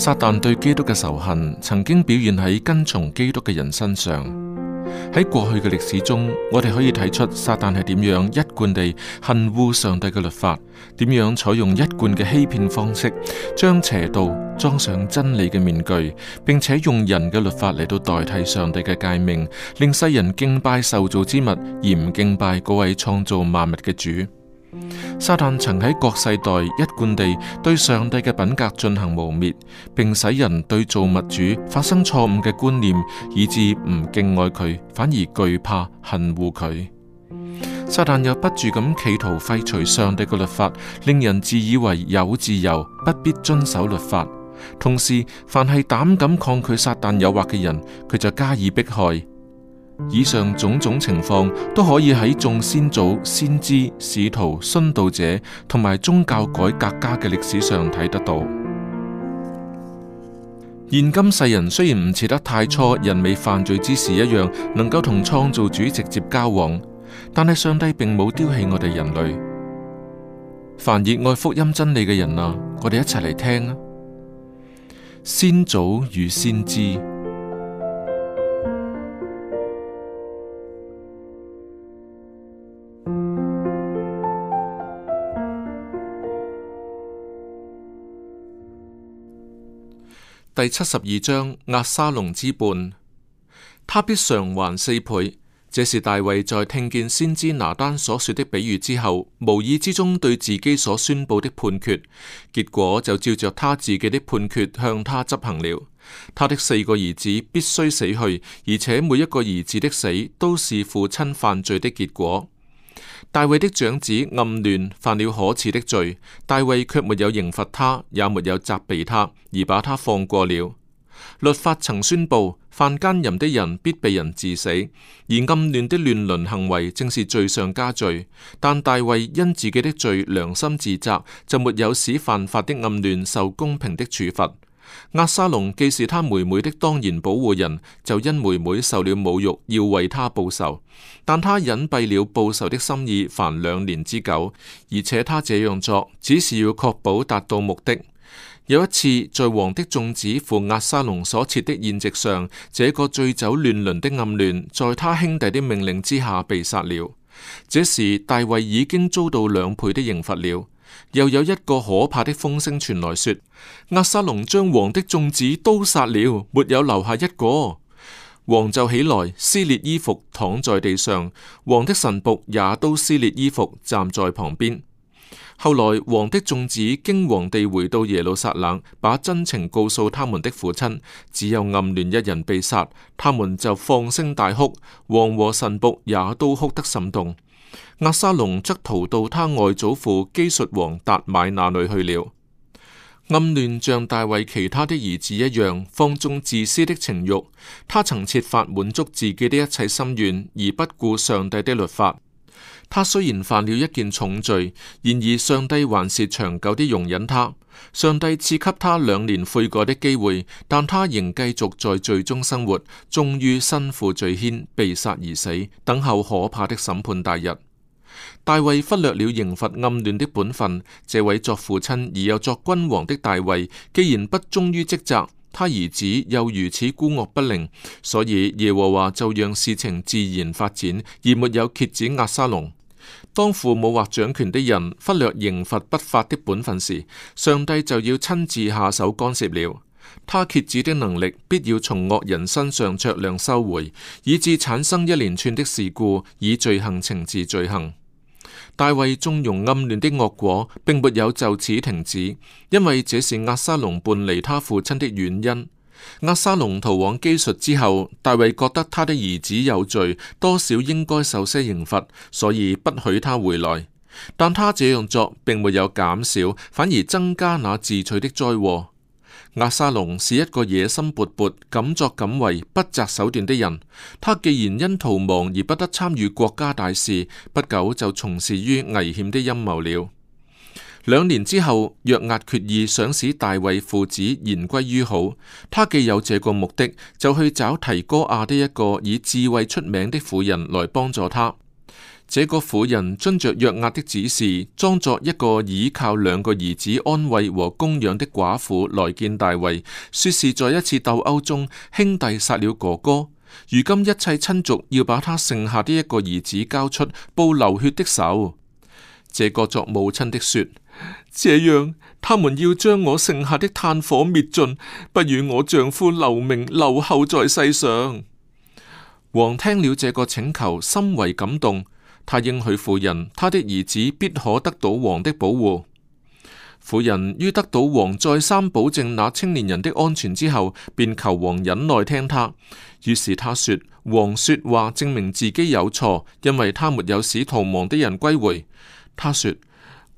撒旦對基督嘅仇恨，曾經表現喺跟從基督嘅人身上。喺過去嘅歷史中，我哋可以睇出撒旦係點樣一貫地恨惡上帝嘅律法，點樣採用一貫嘅欺騙方式，將邪道裝上真理嘅面具，並且用人嘅律法嚟到代替上帝嘅誡命，令世人敬拜受造之物，而唔敬拜嗰位創造萬物嘅主。撒旦曾喺各世代一貫地對上帝嘅品格進行污衊，並使人對造物主發生錯誤嘅觀念，以至唔敬愛佢，反而懼怕恨惡佢。撒旦又不住咁企圖廢除上帝嘅律法，令人自以為有自由，不必遵守律法。同時，凡係膽敢抗拒撒旦誘惑嘅人，佢就加以迫害。以上種種情況都可以喺眾先祖、先知、使徒、殉道者同埋宗教改革家嘅歷史上睇得到。現今世人雖然唔似得太初人未犯罪之時一樣，能夠同創造主直接交往，但係上帝並冇丟棄我哋人類。凡熱愛福音真理嘅人啊，我哋一齊嚟聽啊！先祖與先知。第七十二章壓沙龍之半，他必償還四倍。這是大衛在聽見先知拿單所說的比喻之後，無意之中對自己所宣布的判決，結果就照着他自己的判決向他執行了。他的四個兒子必須死去，而且每一個兒子的死都是父親犯罪的結果。大衛的長子暗嫩犯了可恥的罪，大衛卻沒有刑罰他，也沒有責備他，而把他放過了。律法曾宣布，犯姦淫的人必被人治死，而暗嫩的亂倫行為正是罪上加罪。但大衛因自己的罪良心自責，就沒有使犯法的暗嫩受公平的處罰。押沙龍既是他妹妹的當然保護人，就因妹妹受了侮辱，要為他報仇。但他隱蔽了報仇的心意，凡兩年之久。而且他這樣做，只是要確保達到目的。有一次，在王的眾子赴押沙龍所設的宴席上，這個醉酒亂倫的暗嫩，在他兄弟的命令之下被殺了。這時，大衛已經遭到兩倍的刑罰了。又有一個可怕的風聲傳來，說：押沙龍將王的眾子都殺了，沒有留下一個。王就起來撕裂衣服，躺在地上。王的臣僕也都撕裂衣服，站在旁邊。後來，王的眾子驚惶地回到耶路撒冷，把真情告訴他們的父親。只有暗戀一人被殺，他們就放聲大哭。王和臣僕也都哭得心痛。押沙龍則逃到他外祖父基術王達買那裏去了。暗嫩像大衛其他的兒子一樣，放縱自私的情欲，他曾設法滿足自己的一切心願，而不顧上帝的律法。他雖然犯了一件重罪，然而上帝還是長久的容忍他。上帝賜給他兩年悔過的機會，但他仍繼續在罪中生活，終於身負罪愆被殺而死，等候可怕的審判大日。大衛忽略了刑罰暗嫩的本分。這位作父親而又作君王的大衛，既然不忠於職責，他兒子又如此怙惡不悛，所以耶和華就讓事情自然發展，而沒有挾制押沙龍。當父母或掌權的人忽略刑罰不法的本分時，上帝就要親自下手干涉了。他挾制的能力必要從惡人身上酌量收回，以致產生一連串的事故，以罪行懲治罪行。大衛縱容暗嫩的惡果，並沒有就此停止，因為這是押沙龍叛離他父親的原因。押沙龍逃往基述之後，大衛覺得他的兒子有罪，多少應該受些刑罰，所以不許他回來。但他這樣做並沒有減少，反而增加那自取的災禍。亞沙龍是一個野心勃勃、敢作敢為、不擇手段的人。他既然因逃亡而不得參與國家大事，不久就從事於危險的陰謀了。兩年之後，若押決意想使大衛父子言歸於好，他既有這個目的，就去找提哥亞的一個以智慧出名的婦人來幫助他。這個婦人遵着約押的指示，裝作一個倚靠兩個兒子安慰和供養的寡婦來見大衛，說是在一次鬥毆中，兄弟殺了哥哥，如今一切親族要把他剩下的一個兒子交出，報流血的仇。這個作母親的說：這樣他們要將我剩下的炭火滅盡，不如我丈夫留名留後在世上。王聽了這個請求，深為感動。他應許婦人，他的兒子必可得到王的保護。婦人於得到王再三保證那青年人的安全之後，便求王忍耐聽他。於是他說：王說話證明自己有錯，因為他沒有使逃亡的人歸回。他說：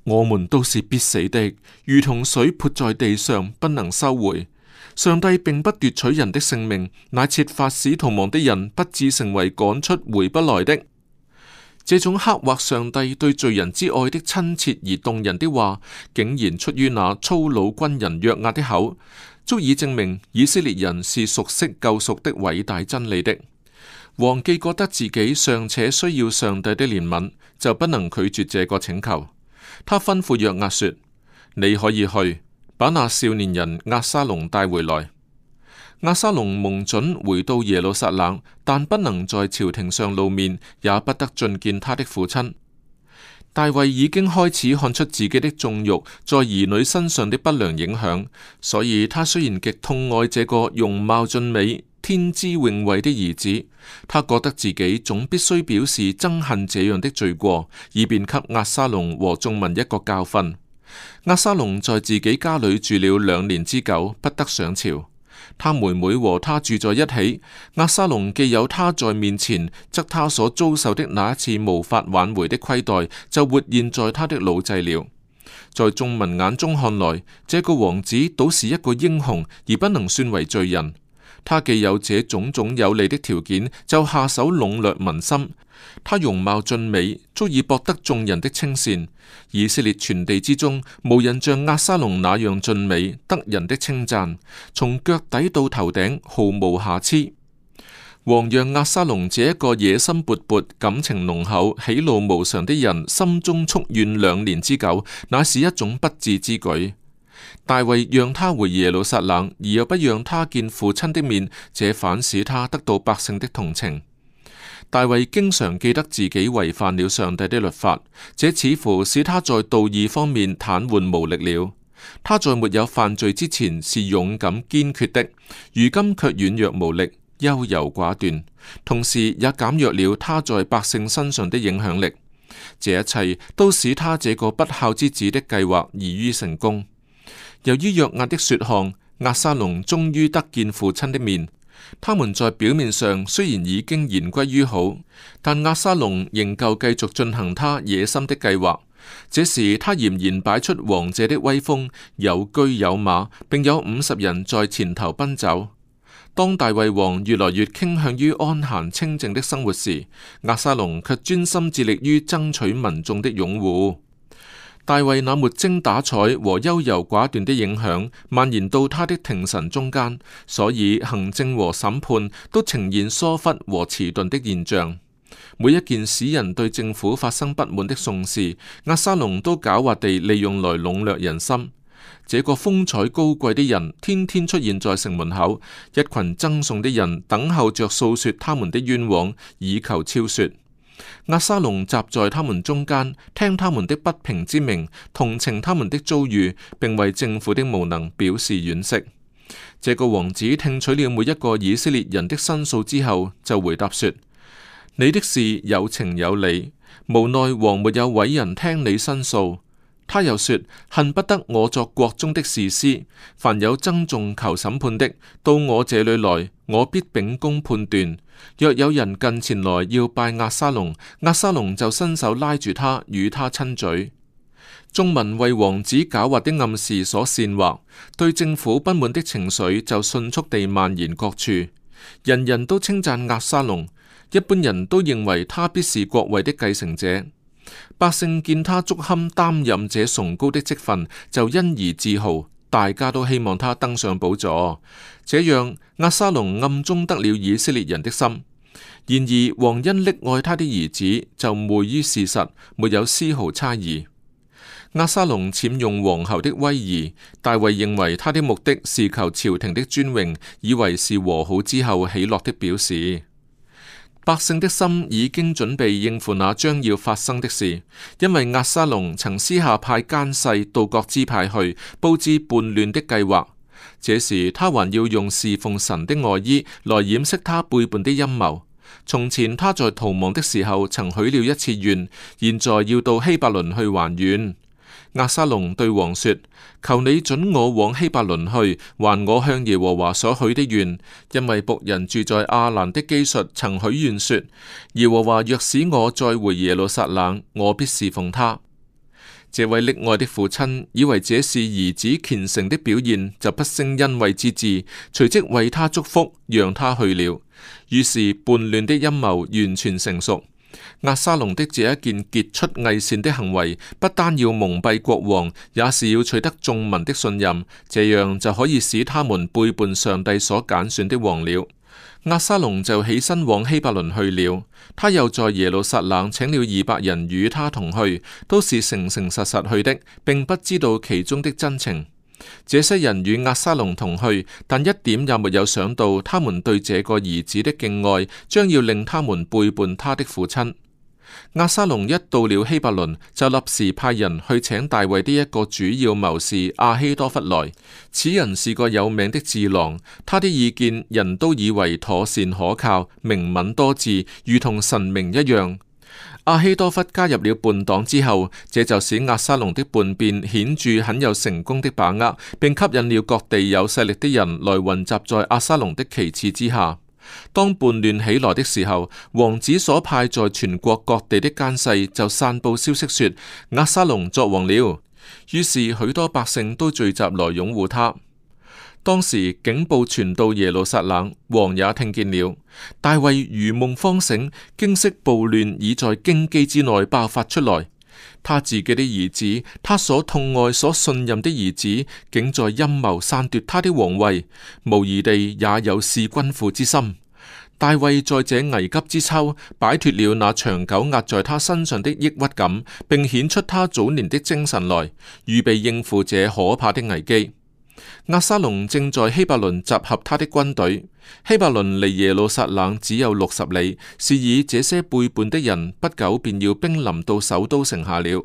我們都是必死的，如同水潑在地上不能收回。上帝並不奪取人的性命，乃設法使逃亡的人不致成為趕出回不來的。這種刻畫上帝對罪人之愛的親切而動人的話，竟然出於那粗魯軍人約押的口，足以證明以色列人是熟悉救贖的偉大真理的。王記覺得自己尚且需要上帝的憐憫，就不能拒絕這個請求。他吩咐約押說：你可以去把那少年人押沙龍帶回來。押沙龍蒙準回到耶路撒冷，但不能在朝廷上露面，也不得覲見他的父親。大衛已經開始看出自己的縱欲在兒女身上的不良影響，所以他雖然極痛愛這個容貌俊美、天資穎慧的兒子，他覺得自己總必須表示憎恨這樣的罪過，以便給押沙龍和眾民一個教訓。押沙龍在自己家裏住了兩年之久，不得上朝。他妹妹和他住在一起，亞沙龍既有他在面前，則他所遭受的那一次無法挽回的虧待就活現在他的腦際了。在眾民眼中看來，這個王子倒是一個英雄，而不能算為罪人。他既有這種種有利的條件，就下手籠絡民心。他容貌俊美，足以博得眾人的稱羨。以色列全地之中，無人像押沙龍那樣俊美，得人的稱讚。從腳底到頭頂，毫無瑕疵。王讓押沙龍這一個野心勃勃、感情濃厚、喜怒無常的人，心中蓄怨兩年之久，那是一種不智之舉。大衛讓他回耶路撒冷，而又不讓他見父親的面，這反使他得到百姓的同情。大衛經常記得自己違反了上帝的律法，這似乎使他在道義方面癱瘓無力了。他在沒有犯罪之前是勇敢堅決的，如今却軟弱無力、優柔寡斷，同時也減弱了他在百姓身上的影響力。這一切都使他這個不孝之子的計劃易於成功。由於約押的說項，押沙龍終於得見父親的面。他們在表面上雖然已經言歸於好，但押沙龍仍舊繼續進行他野心的計劃。這時，他儼然擺出王者的威風，有車有馬，並有五十人在前頭奔走。當大衛王越來越傾向於安閒清靜的生活時，押沙龍却專心致力於爭取民眾的擁護。大衛那沒精打采和優柔寡斷的影響蔓延到他的廷臣中間，所以行政和審判都呈現疏忽和遲鈍的現象。每一件使人對政府發生不滿的訟事，亞沙龍都狡猾地利用來籠絡人心。這個風采高貴的人天天出現在城門口，一群爭訟的人等候着訴說他們的冤枉，以求超說。阿沙龍集在他們中間，聽他們的不平之鳴，同情他們的遭遇，並為政府的無能表示惋惜。這個王子聽取了每一個以色列人的申訴之後，就回答說：你的事有情有理，無奈王沒有委人聽你申訴。他又說：恨不得我作國中的士師，凡有爭訟求審判的，到我這裏來，我必秉公判斷。若有人近前來要拜押沙龍，押沙龍就伸手拉住他，與他親嘴。眾民為王子狡猾的暗示所煽惑，對政府不滿的情緒就迅速地蔓延各處，人人都稱讚押沙龍，一般人都認為他必是國位的繼承者。百姓見他足堪擔任這崇高的職分，就因而自豪，大家都希望他登上寶座。這樣，亞沙隆暗中得了以色列人的心。然而，王因溺愛他的兒子，就昧於事實，沒有絲毫猜疑。亞沙隆僭用皇后的威儀，大衛認為他的目的是求朝廷的尊榮，以為是和好之後喜樂的表示。百姓的心已經準備應付那將要發生的事，因為押沙龍曾私下派奸細到各支派去，布置叛亂的計劃。這時他還要用侍奉神的外衣來掩飾他背叛的陰謀。從前他在逃亡的時候曾許了一次願，現在要到希伯崙去還願。亞沙隆對王說：求你准我往希伯崙去，還我向耶和華所許的願，因為僕人住在亞蘭的基述，曾許願說：耶和華若使我再回耶路撒冷，我必侍奉他。這位溺愛的父親以為這是兒子虔誠的表現，就不勝欣慰之至，隨即為他祝福，讓他去了。於是叛亂的陰謀完全成熟。阿沙龍的這一件傑出偽善的行為，不單要蒙蔽國王，也是要取得眾民的信任，這樣就可以使他們背叛上帝所揀選的王了。阿沙龍就起身往希伯崙去了。他又在耶路撒冷請了二百人與他同去，都是誠誠實實去的，並不知道其中的真情。這些人與亞沙龍同去，但一點也沒有想到，他們對這個兒子的敬愛，將要令他們背叛他的父親。亞沙龍一到了希伯倫，就立時派人去請大衛的一個主要謀士阿希多弗來。此人是個有名的智囊，他的意見人都以為妥善可靠，明敏多智，如同神明一樣。阿希多弗加入了叛黨之後，這就使押沙龍的叛變顯著很有成功的把握，並吸引了各地有勢力的人來雲集在押沙龍的旗幟之下。當叛亂起來的時候，王子所派在全國各地的奸細就散佈消息說押沙龍作王了，於是許多百姓都聚集來擁護他。當時警報傳到耶路撒冷，王也聽見了。大衛如夢方醒，驚悉暴亂已在京畿之內爆發出來。他自己的兒子，他所痛愛、所信任的兒子，竟在陰謀篡奪他的王位，無疑地也有弒君父之心。大衛在這危急之秋，擺脫了那長久壓在他身上的抑鬱感，並顯出他早年的精神來，預備應付這可怕的危機。押沙龍正在希伯倫集合他的軍隊。希伯倫離耶路撒冷只有六十里，是以這些背叛的人不久便要兵臨到首都城下了。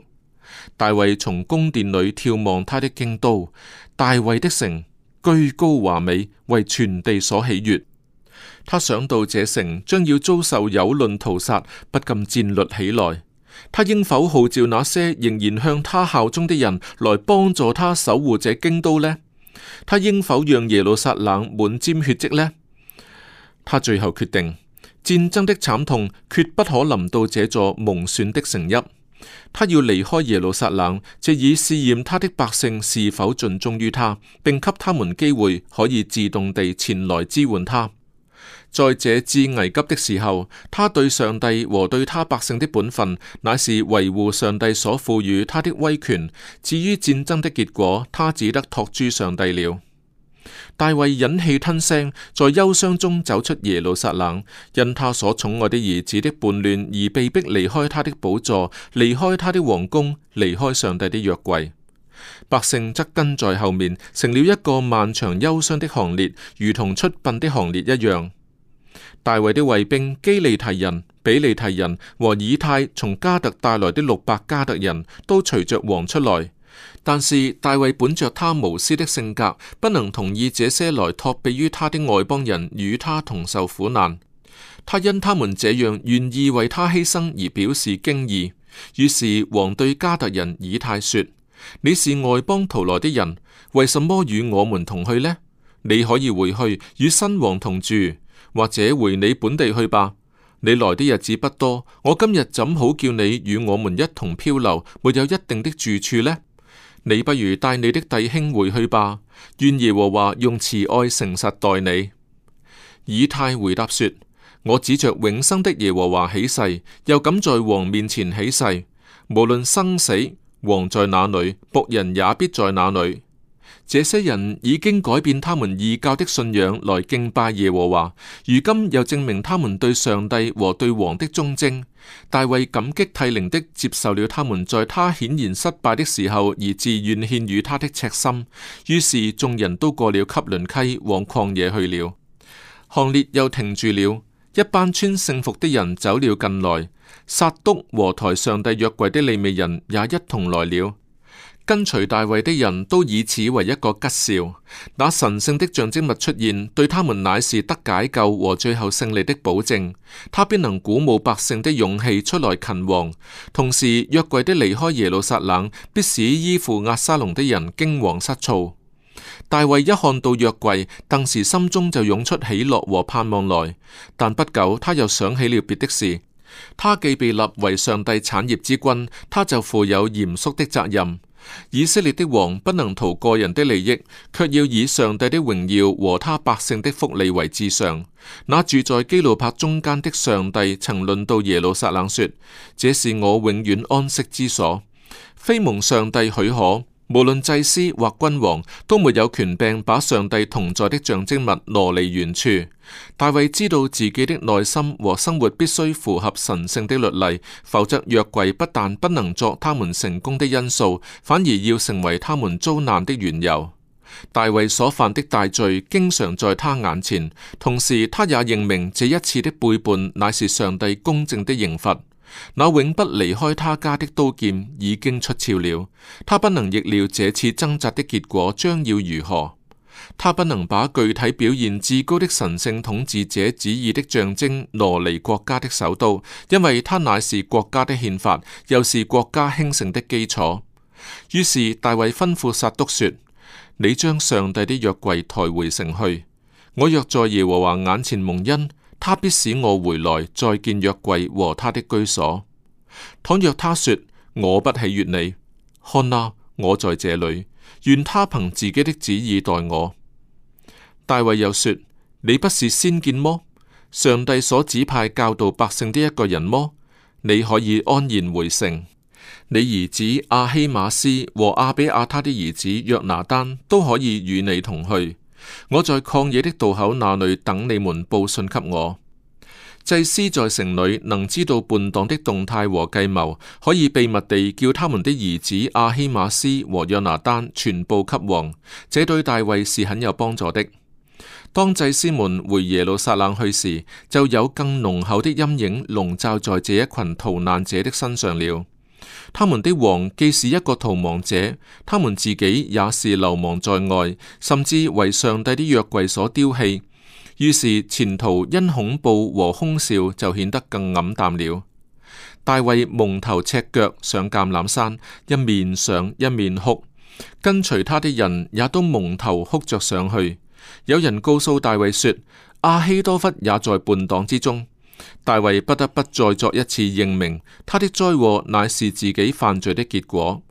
大衛從宮殿裏眺望他的京都，大衛的城居高華美，為全地所喜悅。他想到這城將要遭受有論屠殺，不禁戰栗起來。他應否號召那些仍然向他效忠的人來幫助他守護這京都呢？他應否讓耶路撒冷滿沾血跡呢？他最後決定，戰爭的慘痛決不可臨到這座蒙選的城邑。他要離開耶路撒冷，借以試驗他的百姓是否盡忠於他，並給他們機會可以自動地前來支援他。在這至危急的時候，他對上帝和對他百姓的本分，乃是維護上帝所賦予他的威權。至於戰爭的結果，他只得託諸上帝了。大衛忍氣吞聲，在憂傷中走出耶路撒冷，因他所寵愛的兒子的叛亂而被迫離開他的寶座，離開他的王宮，離開上帝的約櫃。百姓則跟在後面，成了一個漫長憂傷的行列，如同出殯的行列一樣。大衛的衛兵基利提人、比利提人和以太從加特帶來的六百加特人都隨着王出來，但是大衛本着他無私的性格，不能同意這些來託庇於他的外邦人與他同受苦難。他因他們這樣願意為他犧牲而表示驚異，於是王對加特人以太說：你是外邦逃來的人，為什麼與我們同去呢？你可以回去與新王同住。或者回你本地去吧，你來的日子不多。我今日怎好叫你與我們一同漂流，沒有一定的住處呢？你不如帶你的弟兄回去吧。願耶和華用慈愛、誠實待你。以太回答說：我指着永生的耶和華起誓，又敢在王面前起誓，無論生死，王在哪裏，僕人也必在哪裏。這些人已經改變他們異教的信仰來敬拜耶和華，如今又證明他們對上帝和對王的忠貞。大衛感激涕零的接受了他們在他顯然失敗的時候而自願獻與他的赤心，於是眾人都過了汲淪溪往曠野去了。行列又停住了，一班穿聖服的人走了近來。撒督和抬上帝約櫃的利未人也一同來了。跟隨大衛的人都以此為一個吉兆。那神聖的象徵物出現，對他們乃是得解救和最後勝利的保證。他必能鼓舞百姓的勇氣出來勤王，同時約櫃的離開耶路撒冷，必使依附押沙龍的人驚惶失措。大衛一看到約櫃，頓時心中就湧出喜樂和盼望來。但不久，他又想起了別的事。他既被立為上帝產業之君，他就負有嚴肅的責任。以色列的王不能圖個人的利益，却要以上帝的榮耀和他百姓的福利為至上。那住在基路伯中間的上帝，曾論到耶路撒冷說：這是我永遠安息之所，非蒙上帝許可。無論祭司或君王都沒有權柄把上帝同在的象徵物挪離原處。大衛知道自己的內心和生活必須符合神聖的律例，否則約櫃不但不能作他們成功的因素，反而要成為他們遭難的緣由。大衛所犯的大罪，經常在他眼前，同時他也認明這一次的背叛乃是上帝公正的刑罰。那永不離開他家的刀劍已經出鞘了，他不能逆料這次掙扎的結果將要如何。他不能把具體表現至高的神聖統治者旨意的象徵挪離國家的首都，因為他乃是國家的憲法，又是國家興盛的基礎。於是大衛吩咐撒督說：你將上帝的約櫃抬回城去，我若在耶和華眼前蒙恩。他必使我回來再見約櫃和他的居所。倘若他說，我不喜悅你，看啊，我在這裏，願他憑自己的旨意待我。大衛又說：你不是先見麼？上帝所指派教導百姓的一個人麼？你可以安然回城。你兒子亞希瑪斯和亞比亞他的兒子約拿單都可以與你同去。我在曠野的渡口那裏等你們報信給我。祭司在城裏能知道叛黨的動態和計謀，可以秘密地叫他們的兒子阿希馬斯和約拿單全部給王，這對大衛是很有幫助的。當祭司們回耶路撒冷去時，就有更濃厚的陰影籠罩在這一群逃難者的身上了。他們的王既是一個逃亡者，他們自己也是流亡在外，甚至為上帝的約櫃所丟棄，於是前途因恐怖和凶兆就顯得更黯淡了。大衛蒙頭赤腳上橄欖山，一面上一面哭，跟隨他的人也都蒙頭哭着上去。有人告訴大衛說：阿希多弗也在叛黨之中。大衛不得不再作一次認命，他的災禍乃是自己犯罪的結果。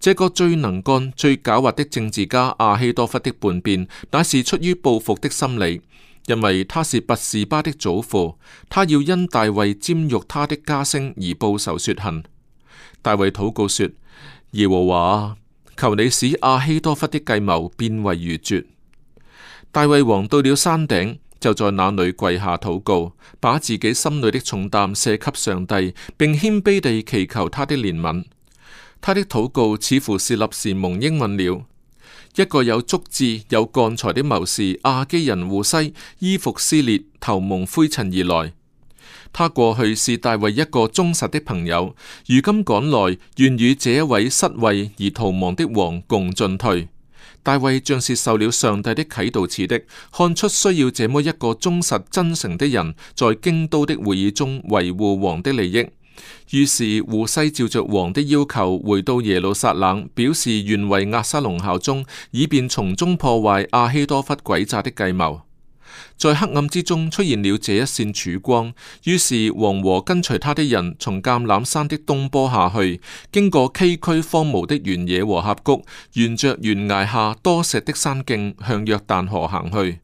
這個最能幹、最狡猾的政治家阿希多弗的叛變，乃是出於報復的心理，因為他是拔士巴的祖父，他要因大衛占辱他的家聲而報仇雪恨。大衛禱告說：耶和華，求你使阿希多弗的計謀變為愚拙。大衛王到了山頂。就在那裡跪下禱告，把自己心裡的重擔卸給上帝，並謙卑地祈求他的憐憫。他的禱告似乎是立時蒙應允了。一個有足智有幹才的謀士亞基人戶篩，衣服撕裂，頭蒙灰塵而來。他過去是大衛一個忠實的朋友，如今趕來，願與這一位失位而逃亡的王共進退。大衛像是受了上帝的啟導似的，看出需要這麼一個忠實真誠的人，在京都的會議中維護王的利益。於是胡西照着王的要求，回到耶路撒冷，表示願為押沙龍效忠，以便從中破壞阿希多弗詭詐的計謀。在黑暗之中出現了這一線曙光，於是王和跟隨他的人從橄欖山的東坡下去，經過崎嶇荒蕪的原野和峽谷，沿着懸崖下多石的山徑向約旦河行去。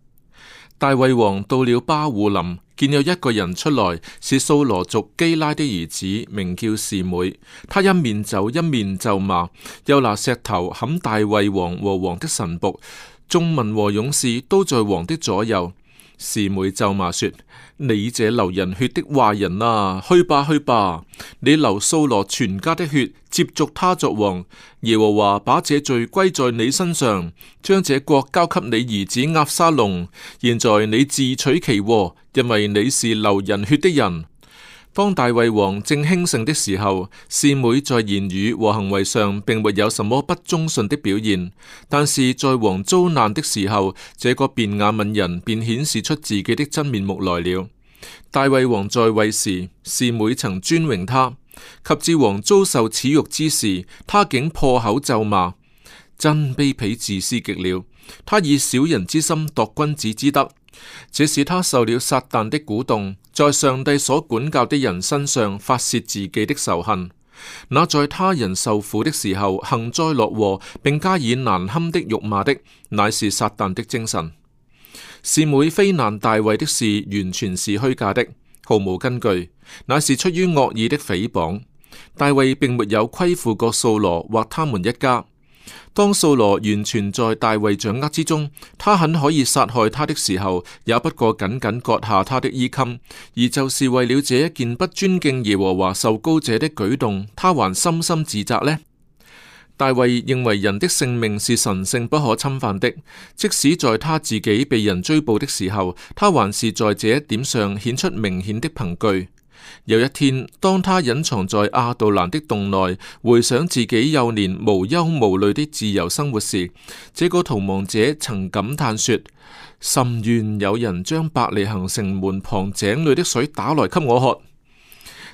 大衛王到了巴戶林，見有一個人出來，是掃羅族基拉的兒子，名叫示每。他一面走一面咒罵，又拿石頭砍大衛王和王的臣僕。眾民和勇士都在王的左右。士妹咒罵說：你這流人血的壞人啊，去吧去吧！你流掃羅全家的血，接觸他作王。耶和華把這罪歸在你身上，將這國交給你兒子押沙龍。現在你自取其禍，因為你是流人血的人。當大衛王正興盛的時候，示每在言語和行為上並沒有什麼不忠信的表現，但是在王遭難的時候，這個便雅憫人便顯示出自己的真面目來了。大衛王在位時，示每曾尊榮他；及至王遭受恥辱之時，他竟破口咒罵，真卑鄙自私極了。他以小人之心度君子之德，這是他受了撒旦的鼓動。在上帝所管教的人身上發洩自己的仇恨，那在他人受苦的時候幸災樂禍，並加以難堪的辱罵的，乃是撒旦的精神。示每非難大衛的事，完全是虛假的，毫無根據，乃是出於惡意的誹謗。大衛並沒有虧負過掃羅或他們一家。當掃羅完全在大衛掌握之中，他很可以殺害他的時候，也不過僅僅割下他的衣襟，而就是為了這一件不尊敬耶和華受膏者的舉動，他還深深自責呢。大衛認為人的性命是神聖不可侵犯的，即使在他自己被人追捕的時候，他還是在這一點上顯出明顯的憑據。有一天，當他隱藏在亞杜蘭的洞內，回想自己幼年無憂無慮的自由生活時，這個逃亡者曾感嘆說：甚願有人將百里行城門旁井裏的水打來給我喝。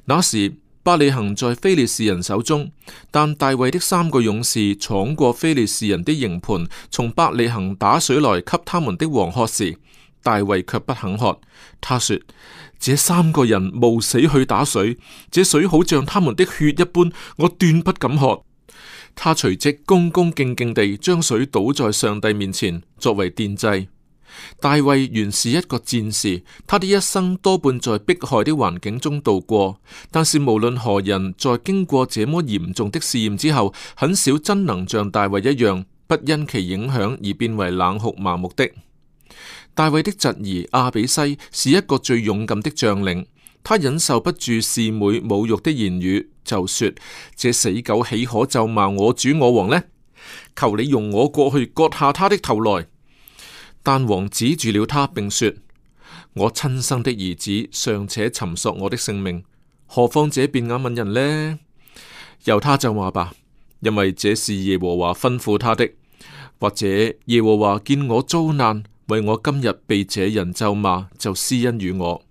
那時，百里行在菲利士人手中，但大衛的三個勇士闖過菲利士人的營盤，從百里行打水來給他們的王喝時，大衛卻不肯喝。他說：這三個人冒死去打水，這水好像他們的血一般，我斷不敢喝。他隨即恭恭敬敬地將水倒在上帝面前，作為奠祭。大衛原是一個戰士，他的一生多半在迫害的環境中度過。但是無論何人，在經過這麼嚴重的試驗之後，很少真能像大衛一樣，不因其影響而變為冷酷麻木的。大衛的侄兒亞比篩是一個最勇敢的將領，他忍受不住示每侮辱的言語，就說：這死狗豈可咒罵我主我王呢？求你容我過去割下他的頭來。但王指住了他，並說：我親生的兒子尚且尋索我的性命，何況這便雅憫人呢？由他就話吧，因為這是耶和華吩咐他的。或者耶和華見我遭難。為我今日被這人咒罵，就施恩與我。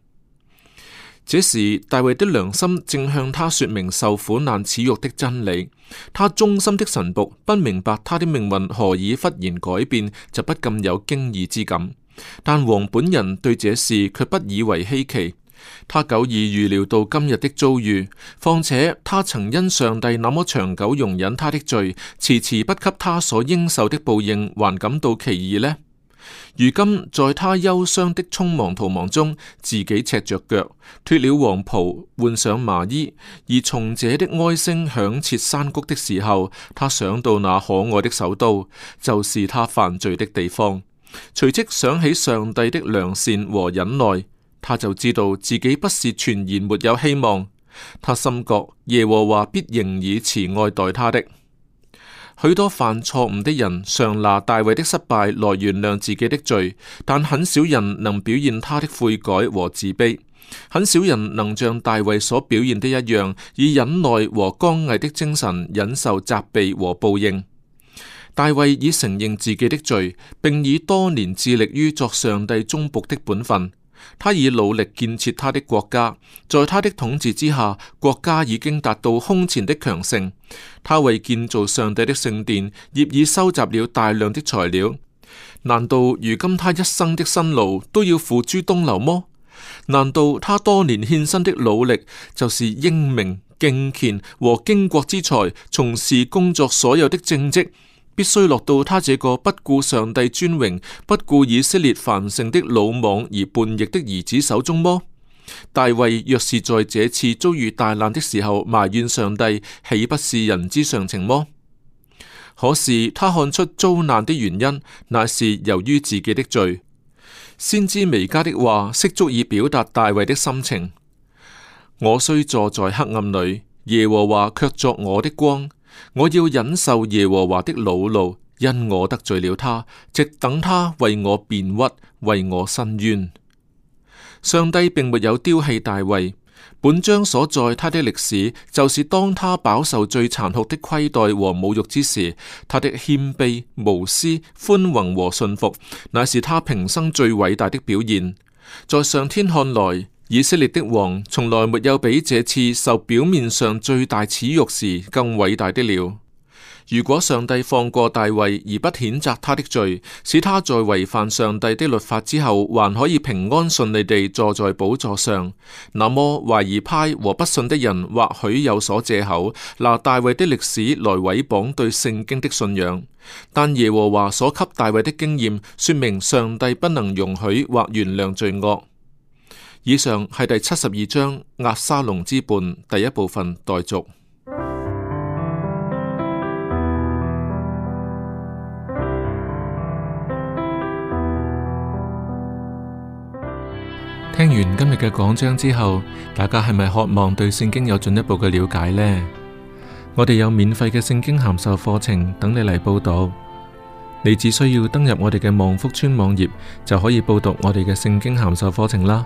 這時，大衛的良心正向他說明受苦難恥辱的真理。他忠心的臣僕不明白他的命運何以忽然改變，就不禁有驚異之感。但王本人對這事却不以為稀奇。他久已預料到今日的遭遇，況且他曾因上帝那麼長久容忍他的罪，遲遲不給他所應受的報應，還感到奇異呢。如今，在他憂傷的匆忙逃亡中，自己赤着腳，脱了黃袍，換上麻衣；而從者的哀聲響徹山谷的時候，他想到那可愛的首都，就是他犯罪的地方。隨即想起上帝的良善和忍耐，他就知道自己不是全然沒有希望。他心覺耶和華必仍以慈愛待他的。許多犯錯誤的人常拿大衛的失敗來原諒自己的罪，但很少人能表現他的悔改和自卑，很少人能像大衛所表現的一樣，以忍耐和剛毅的精神忍受責備和報應。大衛已承認自己的罪，並以多年致力於作上帝忠僕的本分。他已努力建設他的國家，在他的統治之下，國家已經達到空前的強盛。他為建造上帝的聖殿，業已收集了大量的材料。難道如今他一生的辛勞都要付諸東流麼？難道他多年獻身的努力，就是英明、敬虔和經國之才，從事工作所有的政績？必須落到他這個不顧上帝尊榮、不顧以色列繁盛的魯莽而叛逆的兒子手中麼？大衛若是在這次遭遇大難的時候埋怨上帝，豈不是人之常情麼？可是他看出遭難的原因，那是由於自己的罪，先知彌迦的話，適足以表達大衛的心情。我雖坐在黑暗裏，耶和華卻作我的光。我要忍受耶和華的惱怒，因我得罪了他，直等他為我辯屈，為我申冤。上帝並沒有丟棄大衛。本章所在他的歷史，就是當他飽受最殘酷的虧待和侮辱之時，他的謙卑、無私、寬宏和信服，乃是他平生最偉大的表現。在上天看來，以色列的王從來沒有比這次受表面上最大恥辱時更偉大的了。如果上帝放過大衛而不譴責他的罪，使他在違反上帝的律法之後還可以平安順利地坐在寶座上，那麼懷疑派和不信的人或許有所借口，拿大衛的歷史來毀謗對聖經的信仰。但耶和華所給大衛的經驗，說明上帝不能容許或原諒罪惡。以上係第七十二章《押沙龍之叛》第一部分待續。聽完今日嘅講章之後，大家係咪渴望對聖經有進一步嘅了解呢？我哋有免費嘅聖經函授課程等你嚟報讀。你只需要登入我哋嘅望福村網頁，就可以報讀我哋嘅聖經函授課程啦。